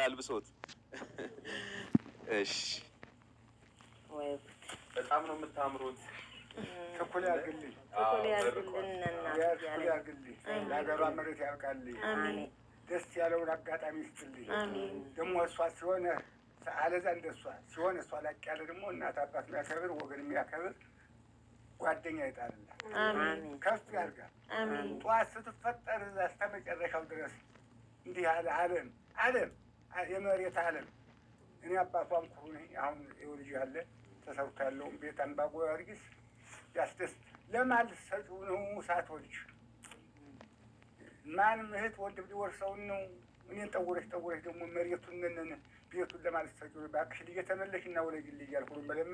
ላልብሶት። እሺ በጣም ነው የምታምሩት። ትኩል ያርግልኝ፣ ትኩል ያርግልኝ፣ ለሀገሯ መሬት ያብቃልኝ፣ ደስ ያለውን አጋጣሚ ይስጥልኝ። ደግሞ እሷ ሲሆነ አለዛ እንደሷ ሲሆን እሷ ላቅ ያለ ደግሞ እናት አባት የሚያከብር ወገን የሚያከብር ጓደኛ ይጣልላት፣ ከፍ ያርጋል። ጠዋት ስትፈጠር እስከ መጨረሻው ድረስ እንዲህ አለ አለም አለም የመሬት አለም እኔ አባቷም ኩሩ ነኝ። አሁን የወልጅ ያለ ተሰርቶ ያለውን ቤት አንባጎ ጊዮርጊስ ያስደስት ለማል ሰጡ ነው ሳትወልጅ ማን ምህት ወንድም ሊወርሰውን ነው። እኔን ጠውረሽ ጠውረሽ ደግሞ መሬቱን ነነነ ቤቱን ለማለት ሰጩ ባክሽ ልጅ ተመለሽ እና ወለጅልኝ ልጅ ነው በለም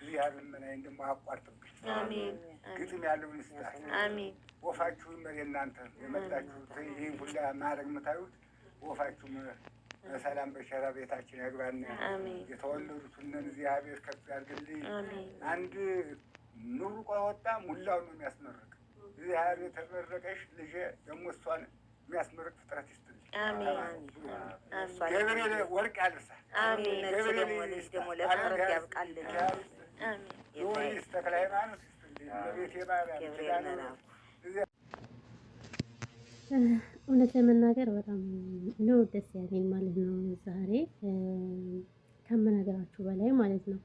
እዚህ አልመናይን ደግሞ አቋርጥብኝ ግጥም ያለውን አሜን። ወፋችሁ መሪ እናንተ የመጣችሁ ይህን ሁላ ማድረግ ምታዩት ወፋችሁ በሰላም በሸራ ቤታችን ያግባን። የተወለዱትን እግዚአብሔር ከፍ ያድርግልኝ። አንድ ኑሩ ቆወጣ ሙላው ነው የሚያስመርቅ። እግዚአብሔር የተመረቀሽ ልጄ ደግሞ እሷን የሚያስመርቅ ፍጥረት ይስጥልኝ። ገብርኤል ወርቅ ያልብሳል። ደግሞ ለፍጥረት ያብቃልን። ዮሐንስ ተክለ ሃይማኖት ይስጥልኝ። ለቤቴ ማርያም ዳነ እውነት ለመናገር በጣም ነው ደስ ያለኝ ማለት ነው። ዛሬ ከምነግራችሁ በላይ ማለት ነው።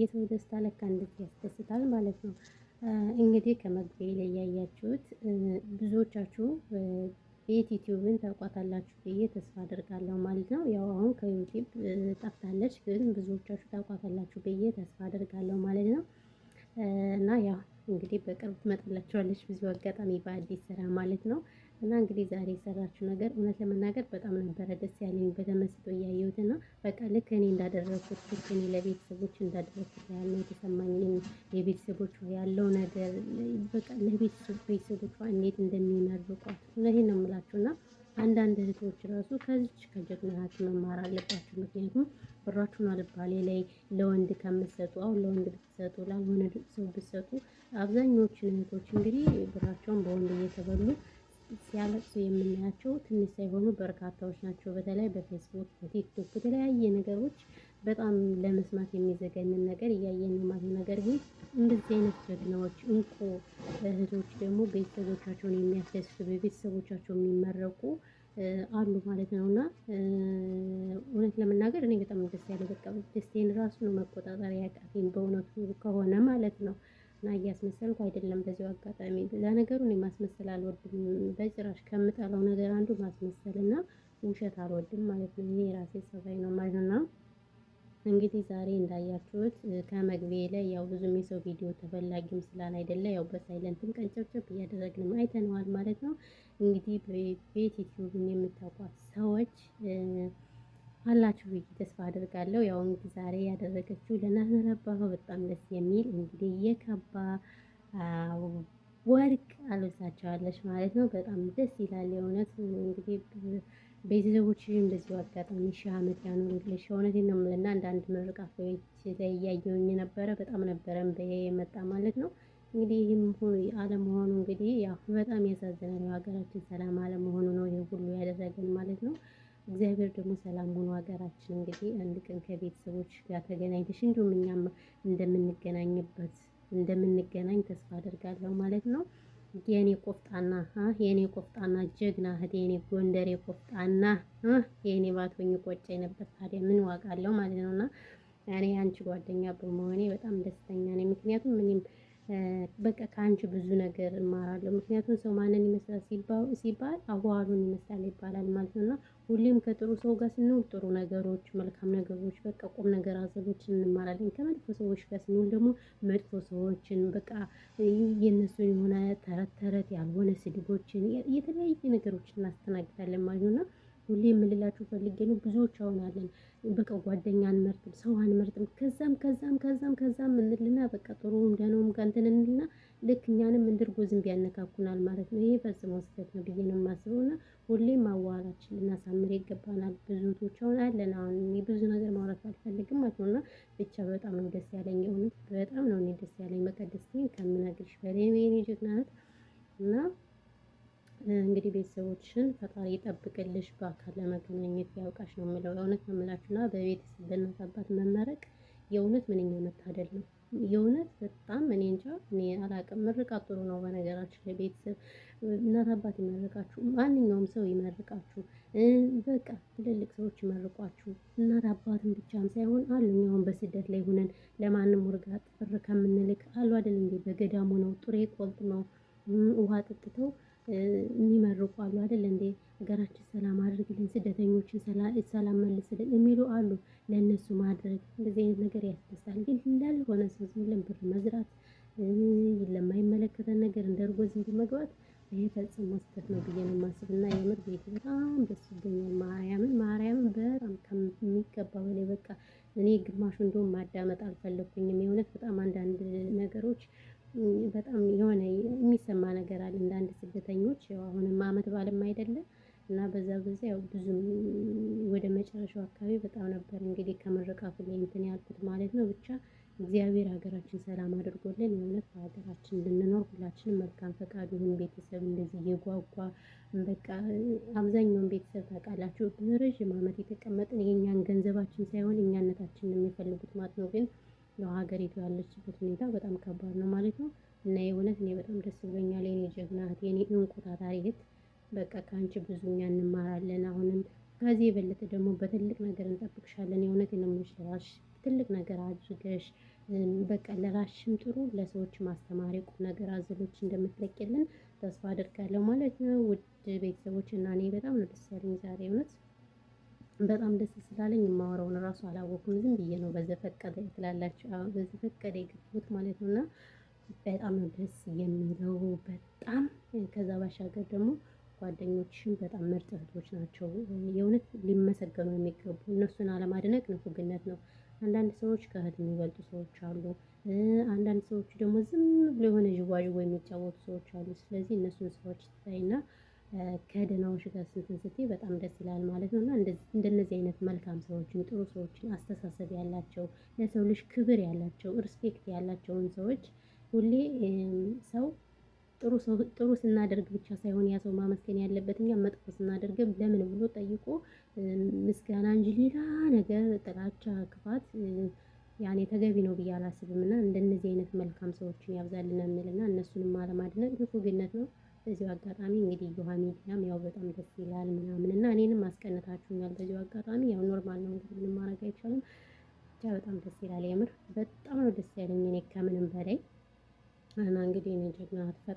የሰው ደስታ ለካ እንደዚህ ያስደስታል ማለት ነው። እንግዲህ ከመግቢያ ላይ ያያችሁት ብዙዎቻችሁ ቤት ዩቲዩብን ታውቋታላችሁ ብዬ ተስፋ አድርጋለሁ ማለት ነው። ያው አሁን ከዩቲዩብ ጠፍታለች፣ ግን ብዙዎቻችሁ ታውቋታላችሁ ብዬ ተስፋ አድርጋለሁ ማለት ነው እና ያው እንግዲህ በቅርብ ትመጣላችኋለች። ብዙ አጋጣሚ በአዲስ ስራ ማለት ነው። እና እንግዲህ ዛሬ የሰራችው ነገር እውነት ለመናገር በጣም ነበረ ደስ ያለኝ በተመስጦ እያየሁት እና በቃ ልክ እኔ እንዳደረግኩት ልክ እኔ ለቤተሰቦች እንዳደረግኩት ያለው የተሰማኝ የቤተሰቦቿ ያለው ነገር በቃ ለቤተሰቦቿ እንዴት እንደሚመርቋት እውነቴን ነው የምላችሁ እና አንዳንድ እህቶች ራሱ ከዚች ከጀግናችሁ መማር አለባችሁ። ምክንያቱም ብራችሁን አልባሌ ላይ ለወንድ ከምትሰጡ አሁን ለወንድ ብትሰጡ ላልሆነ ሰው ብትሰጡ አብዛኛዎችን እህቶች እንግዲህ ብራቸውን በወንድ እየተበሉ ሲያለቅሱ የምናያቸው ትንሽ ሳይሆኑ በርካታዎች ናቸው። በተለይ በፌስቡክ፣ በቲክቶክ በተለያየ ነገሮች በጣም ለመስማት የሚዘገንን ነገር እያየን የማየው ነገር ግን እንደዚህ አይነት ጀግናዎች እንቁ እህቶች ደግሞ ቤተሰቦቻቸውን የሚያስደስቱ በቤተሰቦቻቸው የሚመረቁ አሉ ማለት ነው። እና እውነት ለመናገር እኔ በጣም ደስ ያለ በቃ ደስቴን ራሱ ነው መቆጣጠር ያቃተኝ በእውነቱ ከሆነ ማለት ነው። እና እያስመሰልኩ አይደለም። በዚሁ አጋጣሚ ለነገሩ እኔ ማስመሰል አልወድም በጭራሽ። ከምጠላው ነገር አንዱ ማስመሰል እና ውሸት አልወድም ማለት ነው። ይሄ የራሴ ሰባይ ነው ማለት ነው። እንግዲህ ዛሬ እንዳያችሁት ከመግቢያ ላይ ያው ብዙም የሰው ቪዲዮ ተፈላጊም ስላል አይደለ ያው በሳይለንትም ቀንጨብጨብ እያደረግንም አይተነዋል ማለት ነው። እንግዲህ በቤት ዩቲዩብን የምታውቋት ሰዎች አላችሁ ብዬ ተስፋ አድርጋለሁ። ያው እንግዲህ ዛሬ ያደረገችው ለናዝር አባባ በጣም ደስ የሚል እንግዲህ የካባ ወርቅ አልብሳቸዋለች ማለት ነው። በጣም ደስ ይላል የእውነት እንግዲህ ቤተሰቦችሽም በዚሁ አጋጣሚ ሺህ ዓመት ያኑሩልሽ። እውነቴን ነው የምልና አንዳንድ ምርቃቶች ላይ እያየሁኝ ነበረ። በጣም ነበረም የመጣ ማለት ነው። እንግዲህ ይህም አለመሆኑ እንግዲህ ያው በጣም ያሳዝናል። ሀገራችን ሰላም አለመሆኑ ነው ይህ ሁሉ ያደረገን ማለት ነው። እግዚአብሔር ደግሞ ሰላም ሆኖ ሀገራችን እንግዲህ አንድ ቀን ከቤተሰቦች ጋር ተገናኝተሽ እንዲሁም እኛም እንደምንገናኝበት እንደምንገናኝ ተስፋ አደርጋለሁ ማለት ነው። የኔ ቆፍጣና የኔ ቆፍጣና ጀግና እህቴ የኔ ጎንደሬ ቆፍጣና የኔ ባትሆኝ ቆጨ ነበር። ታዲያ ምን ዋጋ አለው ማለት እና እኔ አንቺ ጓደኛ በመሆኔ በጣም ደስተኛ ነኝ። ምክንያቱም ምንም በቃ ከአንቺ ብዙ ነገር እማራለሁ። ምክንያቱም ሰው ማንን ይመስላል ሲባል አዋዋሉን ይመስላል ይባላል ማለት ነው። እና ሁሌም ከጥሩ ሰው ጋር ስንውል ጥሩ ነገሮች፣ መልካም ነገሮች፣ በቃ ቁም ነገር አዘሎችን እንማራለን። ከመጥፎ ሰዎች ጋር ስንውል ደግሞ መጥፎ ሰዎችን በቃ የእነሱን የሆነ ተረት ተረት ያልሆነ ስድቦችን፣ የተለያዩ ነገሮችን እናስተናግዳለን ማለት ነው እና ሁሌ የምልላችሁ ፈልጌ ነው። ብዙዎች አሁን አለን በቃ ጓደኛ አንመርጥም፣ ሰው አንመርጥም። ከዛም ከዛም ከዛም ከዛም እንልና በቃ ጥሩ እንደነውም ጋር እንትን እንልና ልክ እኛንም እንድርጎ ዝንብ ያነካኩናል ማለት ነው። ይሄ ፈጽሞ ስህተት ነው ብዬ ነው የማስበው እና ሁሌ ማዋራችን ልናሳምር ይገባናል። ብዙቶች አሁን አለን አሁን ብዙ ነገር ማውራት አልፈልግም ማለት ነው እና ብቻ በጣም ነው ደስ ያለኝ የሆነ በጣም ነው እኔ ደስ ያለኝ መቀደስ ከምነግርሽ በላይ የኔ ጀግና ናት እና እንግዲህ ቤተሰቦችሽን ፈጣሪ ይጠብቅልሽ፣ በአካል ለመገናኘት ያውቃሽ ነው የምለው። የእውነት ነው የምላችሁና በቤተሰብ በእናት አባት መመረቅ የእውነት ምንኛ መታደል ነው። የእውነት በጣም እኔ እንጃ እኔ አላቅም። ምርቃት ጥሩ ነው በነገራችሁ ላይ ቤተሰብ እናት አባት ይመርቃችሁ፣ ማንኛውም ሰው ይመርቃችሁ፣ በቃ ትልልቅ ሰዎች ይመርቋችሁ። እናት አባትን ብቻም ሳይሆን አሉ እኛውን በስደት ላይ ሆነን ለማንም ውርጋት ጥር ከምንልክ አሉ አይደል እንዴ በገዳሙ ነው ጥሬ ቆልጥ ነው ውሃ ጠጥተው አሉ አይደል እንዴ? ሀገራችን ሰላም አድርግልን፣ ስደተኞችን ሰላም መልስልን የሚሉ አሉ። ለእነሱ ማድረግ እንደዚህ አይነት ነገር ያስደስታል። ግን እንዳልሆነ ሰው ዝም ብለን ብር መዝራት፣ ለማይመለከተን ነገር እንደ እርጎ ዝንብ መግባት ይሄ ፈጽሞ ስህተት ነው ብዬ ነው የማስብ እና የምር ቤት በጣም ደስ ይገኛል። ማርያምን ማርያምን በጣም ከሚገባ በላይ በቃ እኔ ግማሹ እንደውም ማዳመጥ አልፈለኩኝም የእውነት ያሉት ማለት ነው። ብቻ እግዚአብሔር ሀገራችን ሰላም አድርጎልን የእውነት በሀገራችን እንድንኖር ሁላችንም መልካም ፈቃዱ ይሁን። ቤተሰብ እንደዚህ እየጓጓ በቃ አብዛኛውን ቤተሰብ ታውቃላችሁ፣ በረዥም ዓመት የተቀመጥን የእኛን ገንዘባችን ሳይሆን እኛነታችን የሚፈልጉት ማለት ነው። ግን ያው ሀገሪቱ ያለችበት ሁኔታ በጣም ከባድ ነው ማለት ነው። እና የእውነት እኔ በጣም ደስ ብሎኛል። የኔ ጀግና እህት፣ የኔ እንቁ ታታሪ እህት፣ በቃ ከአንቺ ብዙ እኛ እንማራለን። አሁንም ከዚህ የበለጠ ደግሞ በትልቅ ነገር እንጠብቅሻለን። የእውነት ነው የምንችላሽ ትልቅ ነገር አድርገሽ በቃ ለራሽም ጥሩ ለሰዎች ማስተማሪ ቁም ነገር አዘሎች እንደምትለቅልን ተስፋ አድርጋለሁ ማለት ነው። ውድ ቤተሰቦች እና እኔ በጣም ነው ደስ ያለኝ ዛሬ እውነት በጣም ደስ ስላለኝ የማወራውን እራሱ አላወኩም። ዝም ብዬ ነው በዘፈቀደ ትላላችሁ በዘፈቀደ የገቡት ማለት ነው እና በጣም ነው ደስ የሚለው በጣም ከዛ ባሻገር ደግሞ ጓደኞችሽም በጣም ምርጥ እህቶች ናቸው። የእውነት ሊመሰገኑ የሚገቡ እነሱን አለማድነቅ ንፉግነት ነው። አንዳንድ ሰዎች ከእህት የሚበልጡ ሰዎች አሉ። አንዳንድ ሰዎች ደግሞ ዝም ብሎ የሆነ ዥዋዥዌ የሚጫወቱ ሰዎች አሉ። ስለዚህ እነሱን ሰዎች ስታይና ከደህናዎች ጋር ስንትን ስትይ በጣም ደስ ይላል ማለት ነው። እና እንደነዚህ አይነት መልካም ሰዎችን፣ ጥሩ ሰዎችን፣ አስተሳሰብ ያላቸው ለሰው ልጅ ክብር ያላቸው ሪስፔክት ያላቸውን ሰዎች ሁሌ ሰው ጥሩ ስናደርግ ብቻ ሳይሆን ያ ሰው ማመስገን ያለበት እኛ መጥፎ ስናደርግም ለምን ብሎ ጠይቆ ምስጋና እንጂ ሌላ ነገር ጥላቻ፣ ክፋት ያኔ ተገቢ ነው ብዬ አላስብም። እና እንደነዚህ አይነት መልካም ሰዎችን ያብዛልን የሚል እና እነሱንም አለማድነቅ ብኩግነት ነው። በዚሁ አጋጣሚ እንግዲህ ዮሃ ሚዲያም ያው በጣም ደስ ይላል ምናምን እና እኔንም አስቀንታችሁኛል። በዚሁ አጋጣሚ ያው ኖርማል ነው እንግዲህ ምንም ማድረግ አይቻልም። ብቻ በጣም ደስ ይላል። የምር በጣም ነው ደስ ያለኝ እኔ ከምንም በላይ እና እንግዲህ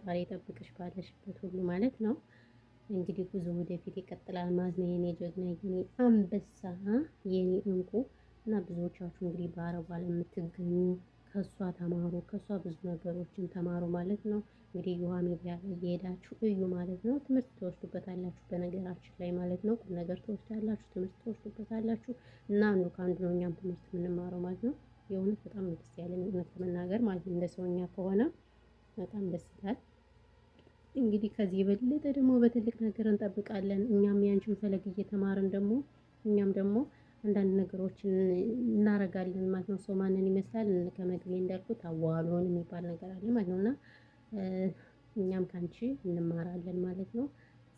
ፈጣሪ ይጠብቅሽ ባለሽበት ሁሉ ማለት ነው። እንግዲህ ጉዞ ወደፊት ይቀጥላል ማለት ነው። የኔ ጀግና፣ የኔ አንበሳ፣ የኔ እንቁ እና ብዙዎቻችሁ እንግዲህ በአረቧ ዓለም የምትገኙ ከሷ ተማሩ፣ ከእሷ ብዙ ነገሮችን ተማሩ ማለት ነው። እንግዲህ ዩሃ ሚዲያ ላይ እየሄዳችሁ እዩ ማለት ነው። ትምህርት ትወስዱበታላችሁ፣ በነገራችን ላይ ማለት ነው። ቁም ነገር ትወስዳላችሁ፣ ትምህርት ትወስዱበታላችሁ እና አንዱ ከአንዱ ነው እኛም ትምህርት የምንማረው ማለት ነው። የእውነት በጣም ደስ ያለን እውነት ለመናገር ማለት ነው። እንደ ሰውኛ ከሆነ በጣም ደስ ይላል። እንግዲህ ከዚህ የበለጠ ደግሞ በትልቅ ነገር እንጠብቃለን። እኛም ያንቺን ፈለግ እየተማርን ደግሞ እኛም ደግሞ አንዳንድ ነገሮችን እናረጋለን ማለት ነው። ሰው ማንን ይመስላል? ከመግቢያ እንዳልኩት አዋሎን የሚባል ነገር አለ ማለት ነው እና እኛም ከአንቺ እንማራለን ማለት ነው።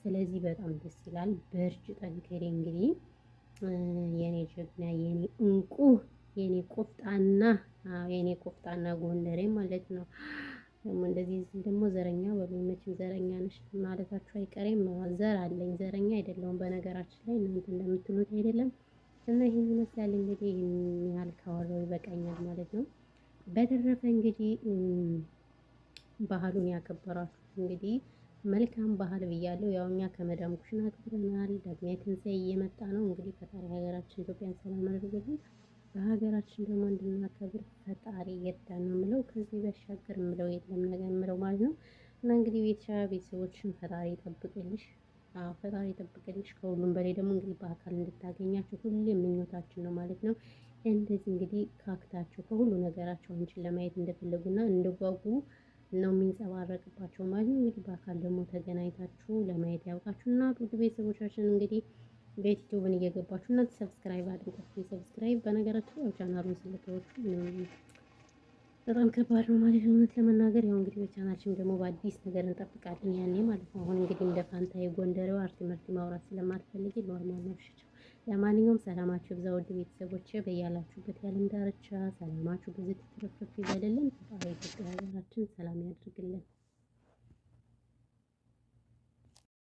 ስለዚህ በጣም ደስ ይላል። በርቺ፣ ጠንክሪ። እንግዲህ የኔ ጀግና፣ የኔ እንቁ፣ የኔ ቆፍጣና፣ የኔ ቆፍጣና ጎንደሬ ማለት ነው። ደግሞ እንደዚህ ደግሞ ዘረኛ በሉኝ። መቼም ዘረኛ ነሽ ማለታችሁ አይቀሬም ነው። ዘር አለኝ ዘረኛ አይደለሁም። በነገራችን ላይ እናንተ እንደምትሉት አይደለም። እና ይህን ይመስላል እንግዲህ። ይህን ያህል ካወራሁ ይበቃኛል ማለት ነው። በተረፈ እንግዲህ ባህሉን ያከበራችሁት እንግዲህ መልካም ባህል ብያለሁ። ያው እኛ ከመዳም ኩሽና ክፍለናል ዳግማዊ ትንሣኤ እየመጣ ነው እንግዲህ ፈጣሪ ሀገራችን ኢትዮጵያን ሰላም አድርጎልን በሀገራችን ደግሞ እንድናከብር ፈጣሪ ይርዳን ነው የምለው። ከዚህ በሻገር የምለው የለም ነገር የምለው ማለት ነው። እና እንግዲህ ቤተሻ ቤተሰቦችን ፈጣሪ ይጠብቅልሽ፣ ፈጣሪ ይጠብቅልሽ። ከሁሉም በላይ ደግሞ እንግዲህ በአካል እንድታገኛቸው ሁሌ ምኞታችን ነው ማለት ነው። እንደዚህ እንግዲህ ካክታቸው ከሁሉ ነገራቸው አንቺን ለማየት እንደፈለጉና እንደጓጉ ነው የሚንጸባረቅባቸው ማለት ነው። እንግዲህ በአካል ደግሞ ተገናኝታችሁ ለማየት ያውቃችሁ እና ውድ ቤተሰቦቻችን እንግዲህ በዩቲዩብን እየገባችሁ እና ሰብስክራይብ አድርጋችሁ ሰብስክራይብ። በነገራችን ላይ ቻናሉን ስለተወጡ በጣም ከባድ ነው ማለት ነው፣ እውነት ለመናገር ያው እንግዲህ በቻናልሽም ደግሞ በአዲስ ነገር እንጠብቃለን ያኔ ማለት ነው። አሁን እንግዲህ እንደ ፋንታ የጎንደሬው አርቲ መርቲ ማውራት ስለማትፈልግ ኖርማል ነው። ለማንኛውም ሰላማችሁ ብዛ ውድ ቤተሰቦች፣ በያላችሁበት ያለም ዳርቻ ሰላማችሁ ብዙ ትትረፍረፍ ይበልልን። ኢትዮጵያ ሀገራችን ሰላም ያድርግልን።